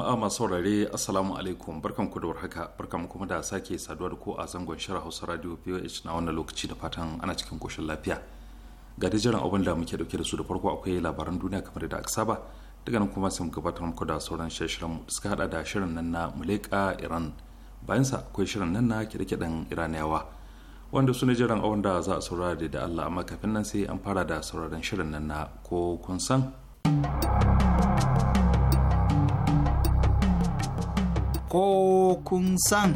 jama'a masu saurare assalamu alaikum barkan ku da warhaka barkan kuma da sake saduwa da ko a zangon shirin hausa radio voh na wannan lokaci da fatan ana cikin koshin lafiya ga da jiran abin da muke dauke da su da farko akwai labaran duniya kamar da aka saba daga nan kuma sai mu gabatar muku da sauran shirin mu suka hada da shirin nan na muleka iran bayan sa akwai shirin nan na kirkidan iraniyawa wanda su ne jiran abin da za a saurara da allah amma kafin nan sai an fara da sauraron shirin nan na ko kun san ko kun san.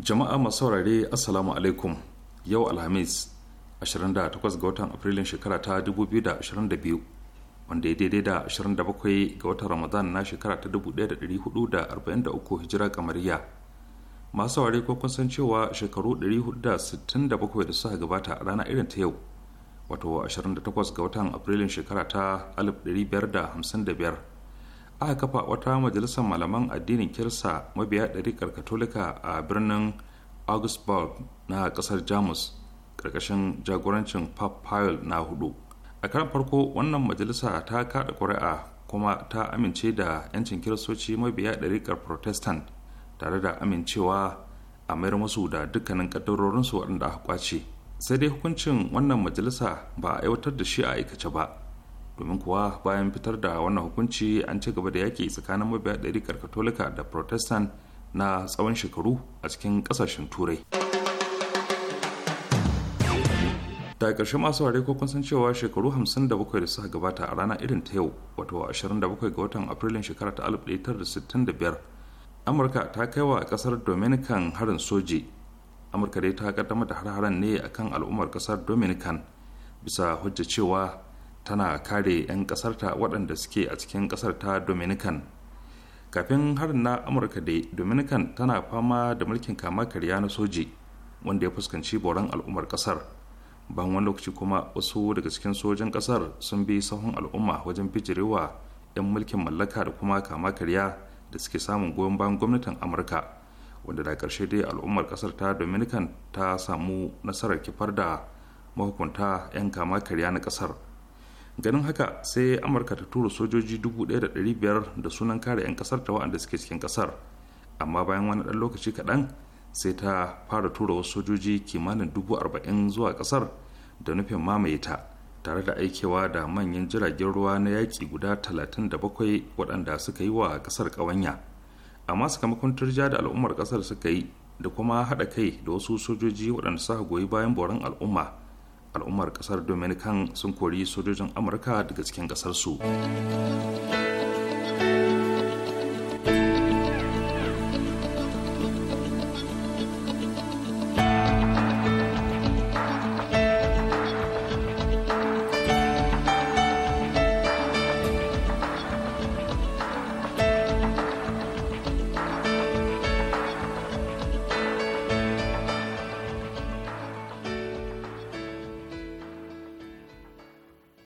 Jama'a masu saurare Assalamu alaikum yau Alhamis 28 ga watan Afrilun shekara ta 2022 wanda ya daidai da 27 ga watan Ramadan na shekara ta 1443 hijira kamariya. Masu saurare ko kun san cewa shekaru 467 da suka gabata a rana irin ta yau wato 28 ga watan afrilun shekara ta 1555 aka kafa wata majalisar malaman addinin kirsa mabiya ɗariƙar katolika a birnin augsburg na ƙasar jamus ƙarƙashin jagorancin pope pile na hudu a karan farko wannan majalisa ta kaɗa ƙuri'a kuma ta amince da 'yancin kiristoci mabiya ɗariƙar protestant tare da amincewa a mayar musu da dukkanin ƙaddarorinsu waɗanda aka kwace sai dai hukuncin wannan majalisa ba a aiwatar da shi a aikace ba domin kuwa bayan fitar da wannan hukunci an ci gaba da yaki tsakanin mabiya ɗari katolika da protestant na tsawon shekaru a cikin ƙasashen turai da ƙarshe masu ware ko kun san cewa shekaru 57 da suka gabata a rana irin ta yau wato 27 ga watan afrilun shekara ta 1965 amurka ta kai wa ƙasar dominican harin soji amurka dai ta kaddamar da har-haren ne akan al'ummar kasar dominican bisa hujja cewa tana kare 'yan kasarta waɗanda suke a cikin kasar ta dominican kafin harin na amurka dai dominican tana fama da mulkin kama karya na soji wanda ya fuskanci boran al'ummar kasar bayan wani lokaci kuma wasu daga cikin sojin kasar sun bi sahun al'umma wajen bijirewa 'yan mulkin mallaka da kuma kama karya da suke samun goyon bayan gwamnatin amurka wanda da karshe dai al'ummar kasar ta dominican ta samu nasarar kifar da mahukunta 'yan kama karya na kasar ganin haka sai amurka ta tura sojoji 1,500 da sunan kare 'yan kasar ta wa'anda suke cikin kasar amma bayan wani ɗan lokaci kaɗan sai ta fara tura wasu sojoji kimanin 40,000 zuwa kasar da nufin mamaye ta tare da aikewa da manyan jiragen ruwa na yaƙi guda 37 waɗanda suka yi wa kasar ƙawanya. amma sakamakon turja da al'ummar kasar suka yi da kuma haɗa kai da wasu sojoji waɗanda suka goyi bayan boron al'umma al'ummar kasar dominican sun kori sojojin amurka daga cikin kasarsu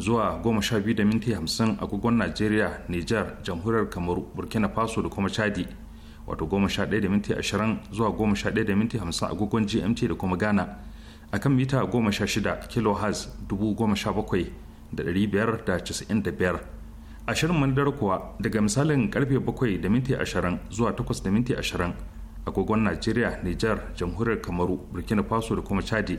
zuwa goma sha biyu da agogon najeriya nijar jamhuriyar kamaru burkina faso da kuma chadi wato goma sha ɗaya da zuwa goma sha ɗaya da minti hamsin agogon gmt da kuma ghana akan mita goma sha shida kilohertz dubu goma bakwai da biyar da da biyar ashirin mandar kuwa daga misalin karfe bakwai da minti ashirin zuwa takwas da minti ashirin agogon najeriya nijar jamhuriyar kamaru burkina faso da kuma chadi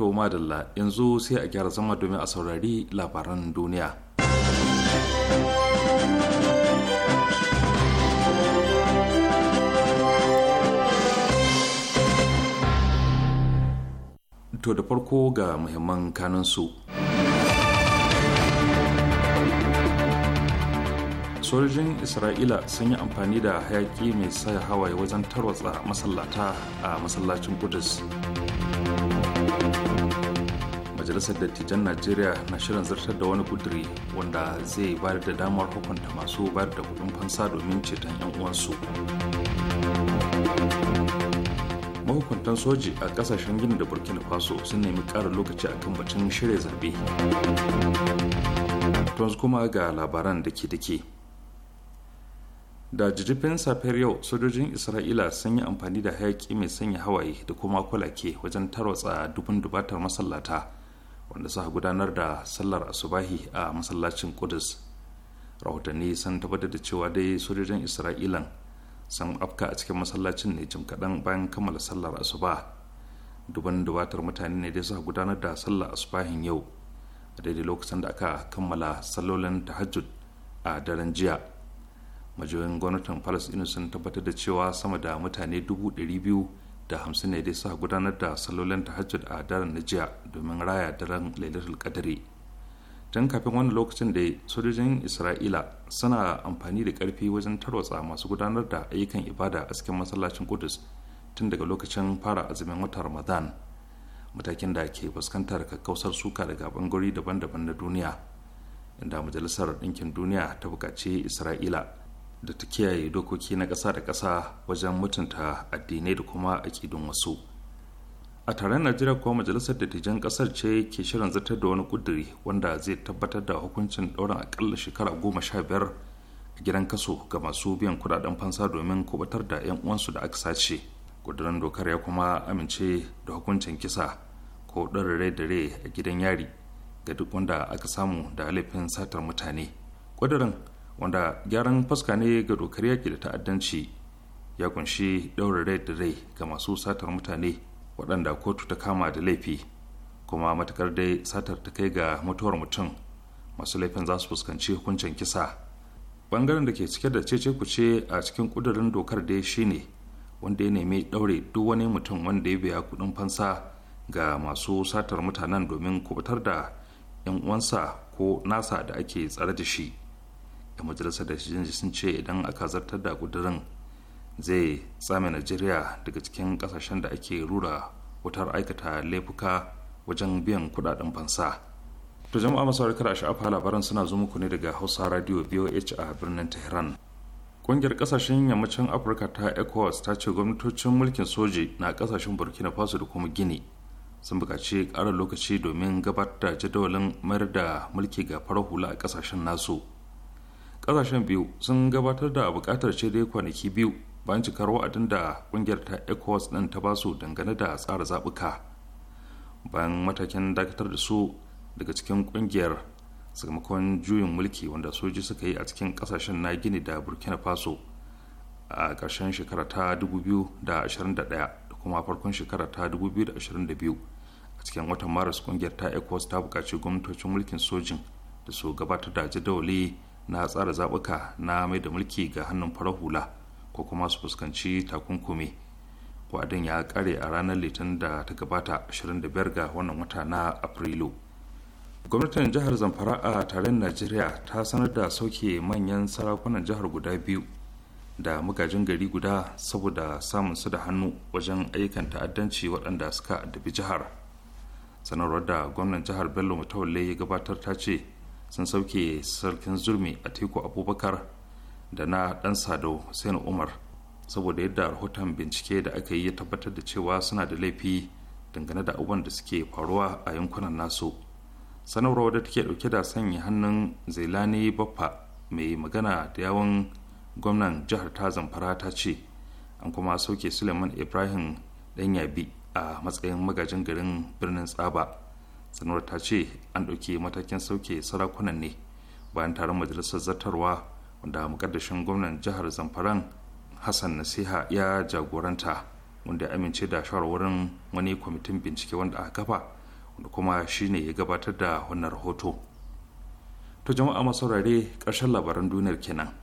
To madalla yanzu sai a gyara zama domin a saurari labaran duniya. To da farko ga muhimman kanansu. sojojin isra'ila sun yi amfani da hayaki mai saya hawaye wajen tarwatsa masallata a masallacin kudus majalisar dattijan najeriya na shirin zartar da wani kuduri wanda zai bayar da damar hukunta masu bayar da kudin fansa domin ceton 'yan uwansu mahukuntan soji a kasashen gini da burkina faso sun nemi kara lokaci a kan batun shirya zaɓe tons kuma ga labaran da ke dake da jirgin safiyar yau sojojin isra'ila sun yi amfani da hayaki mai sanya hawaye da kuma kulake wajen tarwatsa dubin dubatar masallata wanda suka gudanar da sallar asubahi a masallacin kudus rahotanni sun tabbatar da cewa dai sojojin isra'ilan sun afka a cikin masallacin ne jim kaɗan bayan kammala sallar asuba duban dubatar mutane ne dai suka gudanar da sallar asubahin yau a daidai lokacin da aka kammala sallolin tahajjud a daren jiya majiyoyin gwamnatin palestine sun tabbatar da cewa sama da mutane dubu ɗari biyu da hamsin ne dai suka gudanar da salolin ta tahajjud a daren na jiya domin raya daren lailatul kadari tun kafin wani lokacin da sojojin isra'ila suna amfani da karfi wajen tarwatsa masu gudanar da ayyukan ibada a cikin masallacin kudus tun daga lokacin fara azumin watan ramadan matakin da ke fuskantar kakkausar suka daga bangarori daban-daban na duniya inda majalisar ɗinkin duniya ta buƙaci isra'ila da ta kiyaye dokoki na ƙasa da ƙasa wajen mutunta addinai da kuma aƙidun wasu a taron najeriya kuma majalisar dattijan ƙasar ce ke shirin zartar da wani ƙuduri wanda zai tabbatar da hukuncin ɗaurin aƙalla shekara goma sha biyar a gidan kaso ga masu biyan kuɗaɗen fansa domin kubatar da 'yan uwansu da aka sace ƙudurin dokar ya kuma amince da hukuncin kisa ko ɗarin rai da rai a gidan yari ga duk wanda aka samu da laifin satar mutane ƙudurin wanda gyaran fuska ne ga dokar yaƙi da ta'addanci ya kunshi ɗaure rai da rai ga masu satar mutane waɗanda kotu ta kama da laifi kuma matakar dai satar ta kai ga mutuwar mutum masu laifin za su fuskanci hukuncin kisa ɓangaren da ke cike da cece kuce a cikin ƙudurin dokar dai shine wanda ya nemi ɗaure duk wani mutum wanda ya biya kuɗin fansa ga masu satar mutanen domin kubutar da 'yan uwansa ko nasa da ake tsare da shi da majalisar da shi sun ce idan aka zartar da kudurin zai tsame najeriya daga cikin kasashen da ake rura wutar aikata laifuka wajen biyan kudaden fansa to jama'a masu harkar a sha'afa labaran suna zo muku ne daga hausa radio voh a birnin tehran kungiyar kasashen yammacin afirka ta ecowas ta ce gwamnatocin mulkin soji na kasashen burkina faso da kuma gini sun buƙaci ƙarin lokaci domin gabatar da jadawalin mayar da mulki ga farar hula a kasashen nasu kasashen biyu sun gabatar da bukatar ce dai kwanaki biyu bayan cikar wa'adin da kungiyar ta ecowas din ta basu dangane da tsara zabuka bayan matakin dakatar da su daga cikin kungiyar sakamakon juyin mulki wanda soji suka yi a cikin kasashen na gini da burkina faso a ƙarshen shekara ta 2021 da kuma farkon shekara ta 2022 a cikin watan maris kungiyar ta ecowas ta bukaci gwamnatocin mulkin sojin da su gabatar da jadawali na tsara zaɓuka na mai da mulki ga hannun farar hula ko kuma su fuskanci takunkumi wa'adin ya kare a ranar litinin da ta gabata 25 ga wannan wata na afrilu gwamnatin jihar zamfara a tarin najeriya ta sanar da sauke manyan sarakunan jihar guda biyu da magajin gari guda saboda samun su da hannu wajen ayyukan ta'addanci waɗanda suka addabi jihar sanarwar da gwamnan jihar bello mutawalle ya gabatar ta ce sun sauke sarkin zurmi a teku abubakar da na dan sado hussein umar saboda yadda rahoton bincike da aka yi ya tabbatar da cewa suna da laifi dangane da abubuwan da suke faruwa a yankunan nasu sanarwar wadda take dauke da sanya hannun zailani baffa mai magana da yawon gwamnan jihar ta zamfara ta ce an kuma sauke suleiman ibrahim dan yabi a matsayin magajin garin birnin tsaba sanuwar ta ce an ɗauki matakin sauke sarakunan ne bayan taron majalisar zartarwa wanda mukaddashin gwamnan jihar zamfaran hassan nasiha ya jagoranta wanda ya amince da shawarwarin wani kwamitin bincike wanda aka kafa wanda kuma shi ne ya gabatar da wannan rahoto to jama'a masaurare ƙarshen labaran duniyar kenan.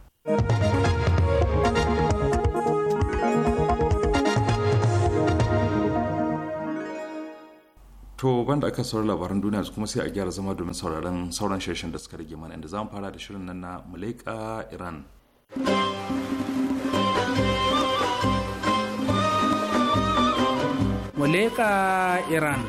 to banda aka saurari labaran duniya su kuma sai a gyara zama domin sauraron sauran sheshen da suka rage mana inda zamu fara da shirin nan na Mulaika Iran. Muleka Iran.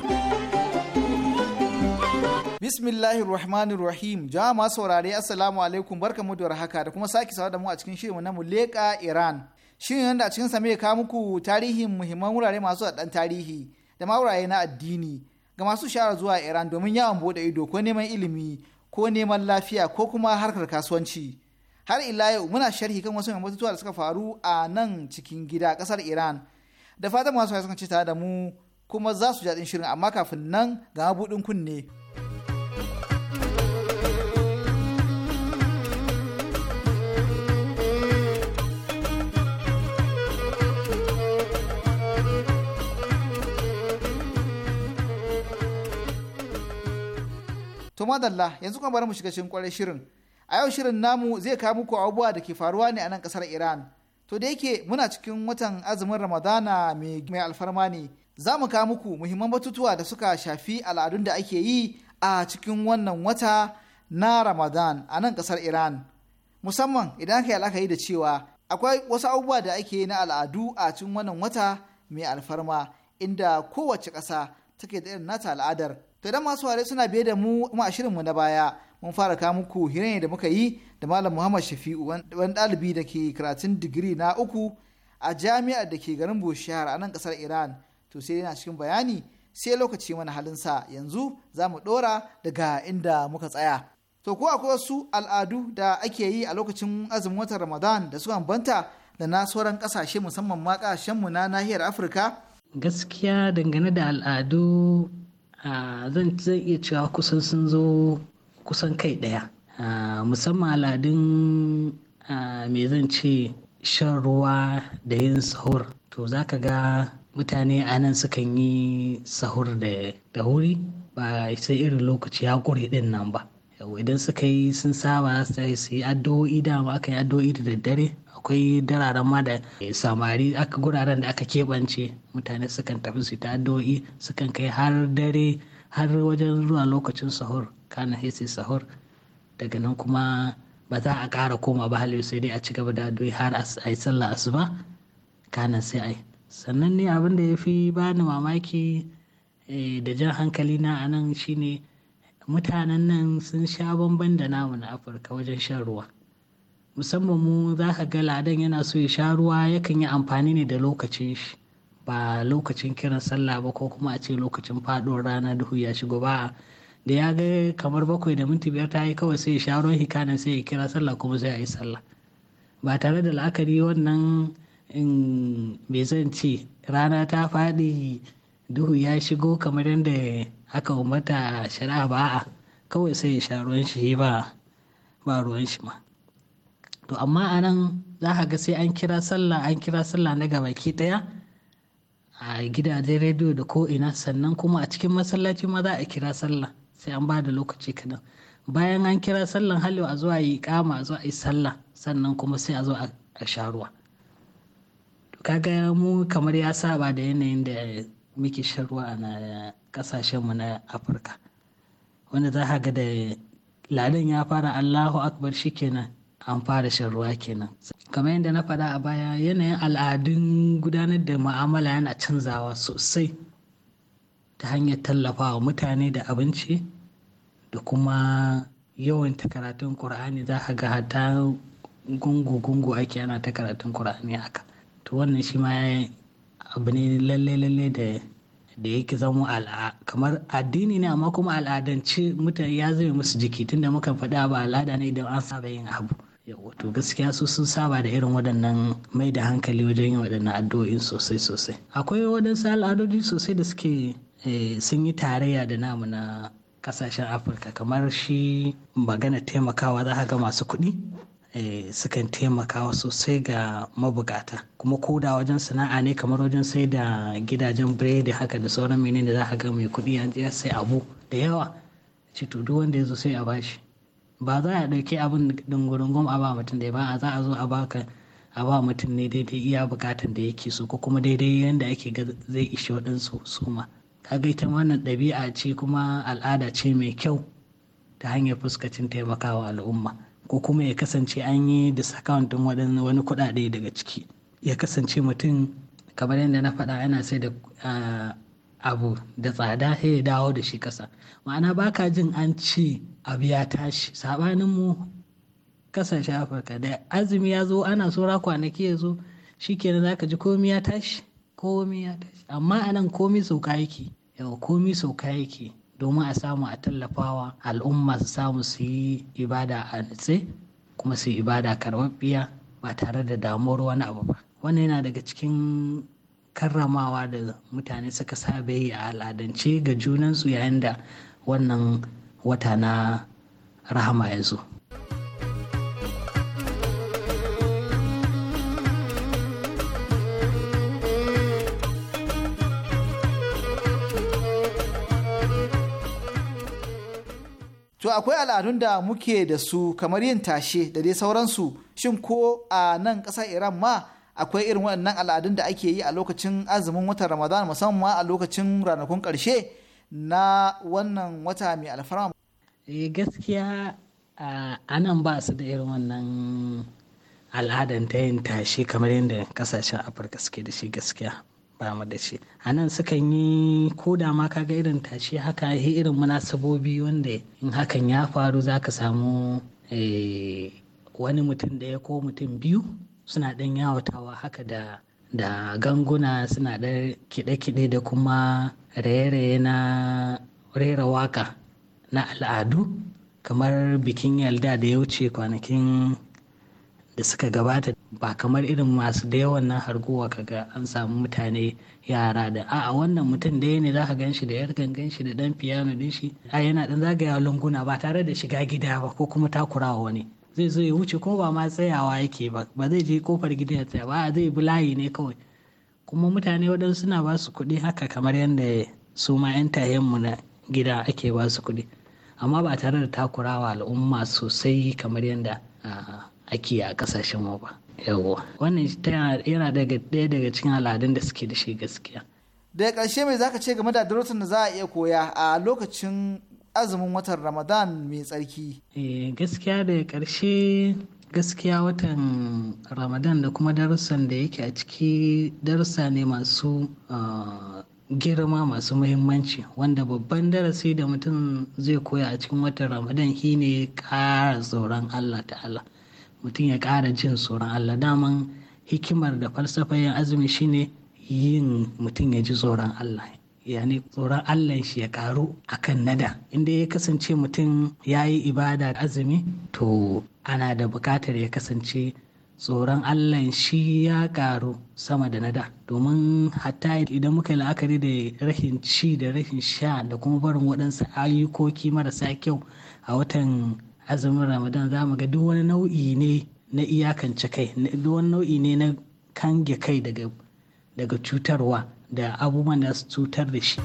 Bismillahir Rahmanir Rahim. Jama'a masu saurare Assalamu alaikum barkamu da haka da kuma saki sawa da mu a cikin mu na Muleka Iran. Shirin yanda a cikin sa ka muku tarihin muhimman wurare masu da tarihi da ma wurare na addini ga masu shara zuwa Iran domin yawon bude ido ko neman ilimi ko neman lafiya ko kuma harkar kasuwanci. Har ila yau muna sharhi kan wasu mai da suka faru a nan cikin gida kasar Iran. Da fatan masu suka ci tare da mu kuma za su jaɗin shirin amma kafin nan ga mabuɗin kunne. madalla yanzu kuma bari mu shiga cikin kwarai shirin. A yau shirin namu zai kawo muku abubuwa da ke faruwa ne a nan kasar Iran. To da yake muna cikin watan azumin Ramadana mai alfarma ne, za mu kawo muku muhimman batutuwa da suka shafi al'adun da ake yi a cikin wannan wata na Ramadan a nan kasar Iran. Musamman idan aka yi alakari da cewa akwai wasu abubuwa da ake yi na al'adu a cikin wannan wata mai alfarma inda kowace ƙasa take da irin nata al'adar to idan masu ware suna biye da mu a a shirinmu na baya mun fara kawo muku hirin da muka yi da malam muhammad shafi'u wani ɗalibi da ke karatun digiri na uku a jami'ar da ke garin bushiyar a nan ƙasar iran to sai yana cikin bayani sai lokaci mana halinsa yanzu za mu ɗora daga inda muka tsaya to ko akwai wasu al'adu da ake yi a lokacin azumin watan ramadan da su banta da na sauran ƙasashe musamman ma mu na nahiyar afirka gaskiya dangane da al'adu zan zai iya cewa kusan sun zo kusan kai ɗaya musamman aladun mai zan ce shan ruwa da yin sahur to za ka ga mutane a nan sukan yi sahur da wuri ba sai irin lokaci ya kure ɗin nan ba idan suka yi sun saba su yi addu'o'i ma aka yi addu'o'i da daddare akwai dararen ma da samari aka guraren da aka keɓance mutane sukan tafi su ta addu'o'i sukan kai har dare har wajen zuwa lokacin sahur kana hesi sahur daga nan kuma ba za a kara koma ba halin sai dai a ci gaba da addu'o'i har a yi sallah asuba kana sai a yi sannan ne abin da ya fi bani mamaki eh, da jan hankali na a nan shine mutanen nan sun sha bamban da namu na afirka wajen shan ruwa musamman mu za ka ga ladan yana so ya sha ruwa yakan yi amfani ne da lokacin shi ba lokacin kiran sallah ba ko kuma a ce lokacin faɗuwar rana duhu ya shigo ba da ya ga kamar bakwai da minti biyar ta yi kawai sai ya sha ruwan hikanin sai ya kira sallah kuma sai a yi sallah ba tare da la'akari wannan me zan ce rana ta faɗi duhu ya shigo kamar yadda aka umarta shari'a ba kawai sai ya sha ruwan shi ba ba ruwan shi ma to amma a nan za ka ga sai an kira sallah an kira sallah na ke ɗaya a gidajen rediyo da ko ina sannan kuma a cikin masallaci ma za a kira sallah sai an ba da lokaci kaɗan bayan an kira sallah halewa a zuwa yi kama a zuwa yi sallah sannan kuma sai a zo a sha ruwa kaga mu kamar ya saba da yanayin da muke shan ruwa na kasashenmu na afirka wanda za ga da ladan ya fara allahu akbar shikenan an fara shan ruwa kenan kamar yadda na faɗa a baya yanayin al'adun gudanar da mu'amala yana canzawa sosai ta hanyar tallafawa mutane da abinci da kuma yawan ta karatun ƙur'ani za ka ga hata gungu-gungu ake ana ta karatun ƙur'ani haka to wannan shi ma abu ne lalle-lalle da da yake zama al'a kamar addini ne amma kuma al'adance mutane ya zama musu jiki tunda muka faɗa ba al'ada ne idan an saba yin abu to gaskiya su sun saba da irin waɗannan mai da hankali wajen yin waɗannan addu'o'in sosai sosai akwai waɗansu al'adodi sosai da suke eh, sun yi tarayya da namu na kasashen afirka kamar shi magana taimakawa za ga masu kuɗi eh, sukan taimakawa sosai ga mabukata kuma koda wajen sana'a ne kamar wajen sai da gidajen biredi haka da sauran menene da za ga mai kuɗi an sai abu da yawa ce to duk wanda ya zo sai a bashi ba za a ɗauki abin dungurungum a ba mutum dai ba a za a zo a baka a ba mutum ne daidai iya bukatan da yake so ko kuma daidai yadda ake ga zai ishe waɗansu su ma kaga ita wannan ɗabi'a ce kuma al'ada ce mai kyau ta hanyar fuskacin taimakawa al'umma ko kuma ya kasance an yi discount ɗin wani kuɗaɗe daga ciki ya kasance mutum kamar yadda na faɗa yana sai da abu da tsada sai ya dawo da shi ƙasa ma'ana baka jin an ce abu ya tashi sabanin mu kasashe afirka da azumi ya zo ana saura kwanaki ya zo shikenan zaka ji komi ya tashi komi ya tashi amma anan komi sauka yake yau komi sauka yake domin a samu a tallafawa al'umma su samu su yi ibada a nutse kuma su yi ibada karbabbiya ba tare da damuwar wani abu ba wannan yana daga cikin karramawa da mutane suka saba yi a al'adance ga junansu yayin da wannan wata na rahama ya zo To akwai al'adun da muke da su kamar yin tashe da dai sauransu shin ko a nan ƙasar Iran ma akwai irin waɗannan al'adun da ake yi a lokacin azumin watan Ramadan musamman a lokacin ranakun ƙarshe na wannan wata mai alfarma? Eh gaskiya a nan ba su da irin wannan al'adan ta yin tashi kamar yadda kasashen afirka suke da shi gaskiya ba mu da shi a nan sukan yi ko da ma kaga irin tashi, haka yi irin munasabobi wanda in hakan ya faru za ka samu eh, wani mutum ɗaya ko mutum biyu suna ɗan yawatawa haka da da ganguna suna da kiɗe-kiɗe da kuma raye-raye na rera waka na al'adu kamar bikin yalda da ya wuce kwanakin da suka gabata ba kamar irin masu da yawan nan harguwa kaga an samu mutane yara da a wannan mutum da ne za ka gan shi da yar gangan shi da dan fiyano din shi a yana dan zagaya lunguna ba tare da shiga gida ba ko kuma takurawa wani zai zo ya wuce ko ba ma tsayawa yake ba ba zai je kofar gida ya tsaya ba zai bi layi ne kawai kuma mutane waɗansu suna ba su kuɗi haka kamar yadda su ma 'yan mu na gida ake ba su kuɗi amma ba tare da takurawa al'umma sosai kamar yadda ake a kasashen mu ba yawo wannan yana daga ɗaya daga cikin al'adun da suke da shi gaskiya daga ƙarshe mai zaka ce game da darussan da za a iya koya a lokacin azumin watan Ramadan mai tsarki? Eh, gaskiya da ƙarshe gaskiya watan Ramadan da kuma darussan da yake a ciki darussa ne masu ah, girma masu muhimmanci wanda babban darasi da mutum zai koya a cikin watan Ramadan shine ƙara tsoron Allah ta'ala. Mutum ya ƙara jin tsoron Allah daman hikimar da falsafa yin azumi shine yin mutum ya ji tsoron Allah yani tsoron allah shi ya karu akan nada inda ya kasance mutum ya yi ibada azumi to ana da bukatar ya kasance tsoron allah shi ya karu sama da nada domin hatta idan muka yi la'akari da rashin ci da rashin sha da kuma barin waɗansu ayyukoki marasa kyau a watan azumin ramadan za mu ga duk wani nau'i ne na iyakance kai duk wani nau'i ne na kange kai daga cutarwa da abubuwan da su cutar da shi.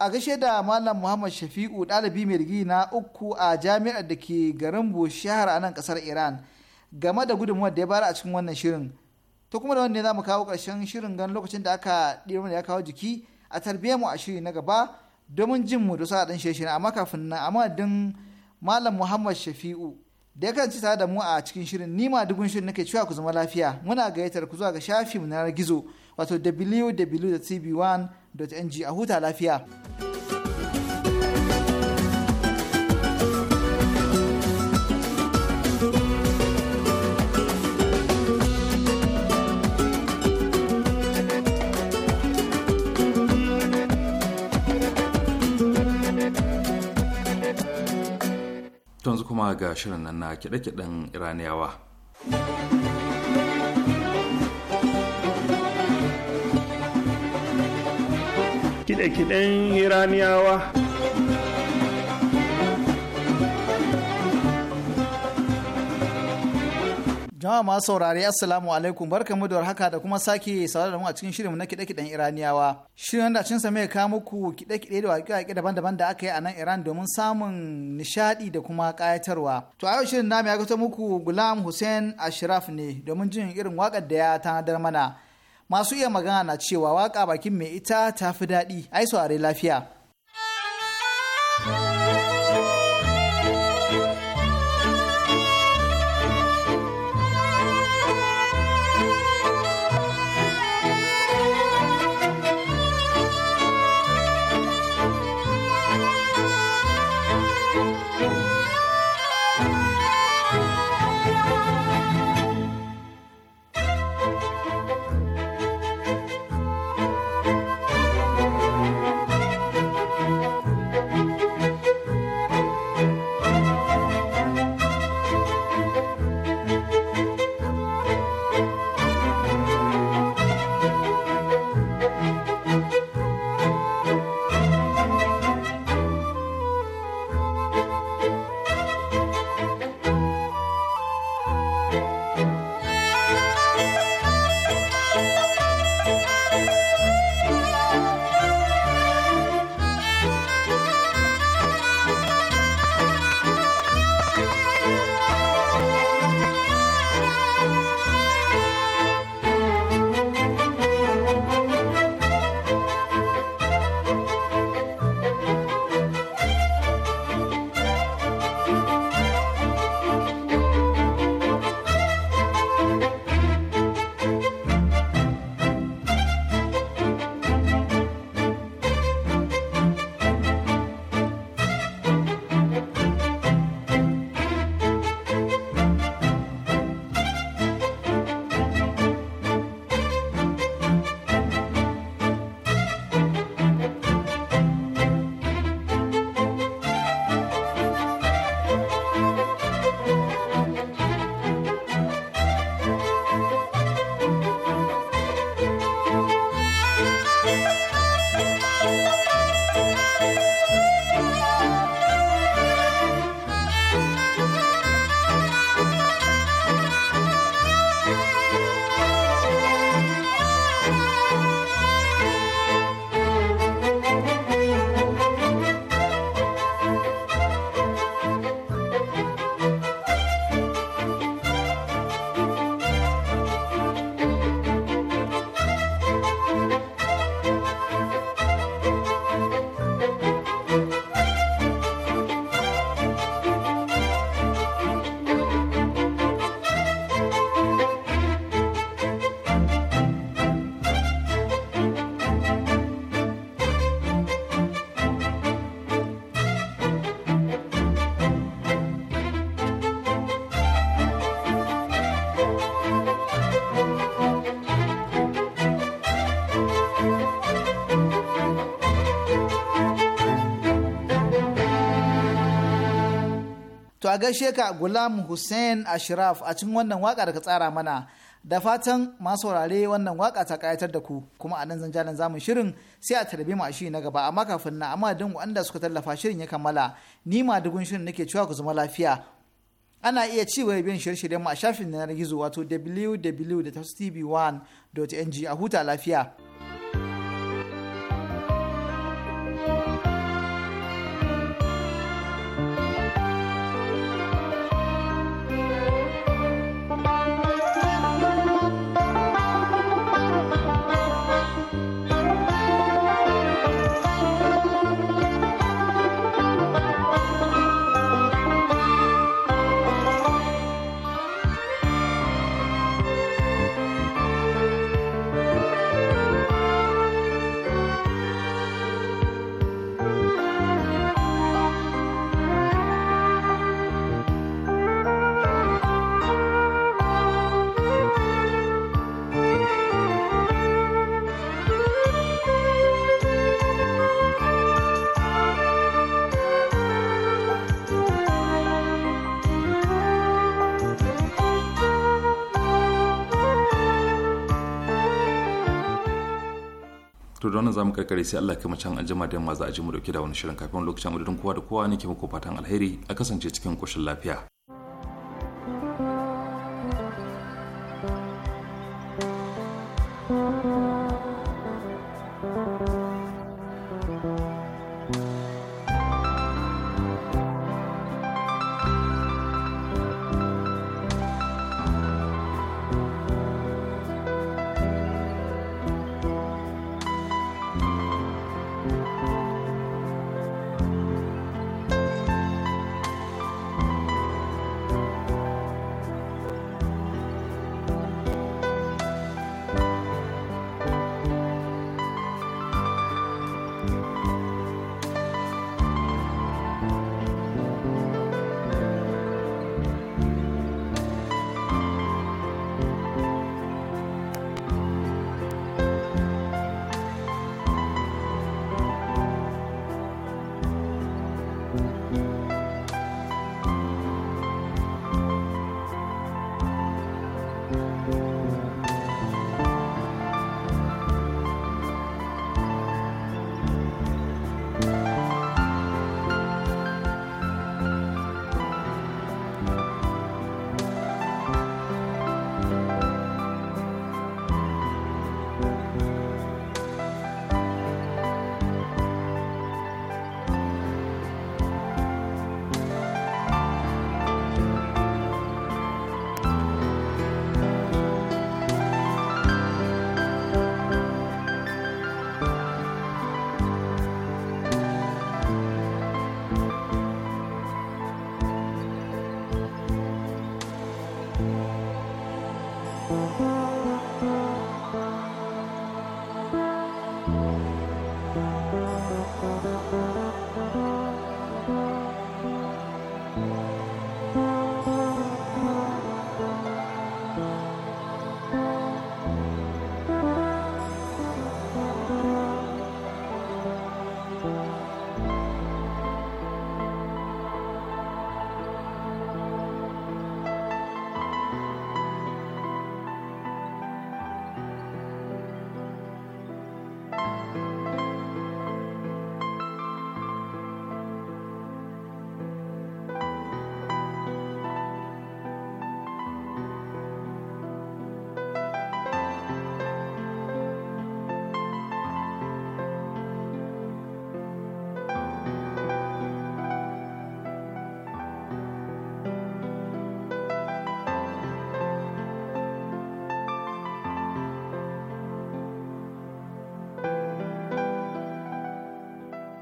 a gashe da malam muhammad shafi'u ɗalibi mai rigi na uku a jami'ar da ke garin Bushehar a nan ƙasar iran game da gudunmuwar da ya bara a cikin wannan shirin to kuma da wanda za mu kawo ƙarshen shirin gan lokacin da aka ɗiro ya kawo jiki a tarbiyyar mu a shiri na gaba domin jin mu da sa dan shirin amma kafin nan amma din malam Muhammad Shafi'u da ya ci tare da mu a cikin shirin ni ma dugun shirin nake cewa ku zama lafiya muna gayyatar ku zuwa ga shafi mu na gizo wato www.tv1.ng a huta lafiya. ga shirin nan na kiɗe-kiɗen iraniyawa kiɗe-kiɗen iraniyawa Jama'a masu saurare Assalamu alaikum barkamu da haka da kuma sake saurari da mu a cikin shirinmu na kiɗe-kiɗen Iraniyawa. Shirin wanda cin sa mai ka muku kiɗe-kiɗe da waƙe-waƙe daban-daban da aka yi a nan Iran domin samun nishaɗi da kuma ƙayatarwa. To a yau shirin namu ya gato muku Gulam Hussein Ashraf ne domin jin irin waƙar da ya tanadar mana. Masu iya magana na cewa waƙa bakin mai ita ta fi daɗi, ai saurari lafiya. To a gaishe ka Gulam Hussein Ashraf a cikin wannan waka da ka tsara mana. Da fatan masu saurare wannan waka ta kayatar da ku kuma a nan zanjalan zamun shirin sai a tarbi mu a shi na gaba amma kafin na amma din wanda suka tallafa shirin ya kammala ni ma dugun shirin nake cewa ku zama lafiya. Ana iya ci wa biyan shirye-shiryen mu a shafin na gizo wato www.tv1.ng a huta lafiya. to da wannan zamu karkare sai Allah kuma can anjima da yamma za a ji mu dauke da wani shirin kafin lokacin madadin kowa da kowa ne ke muku fatan alheri a kasance cikin koshin lafiya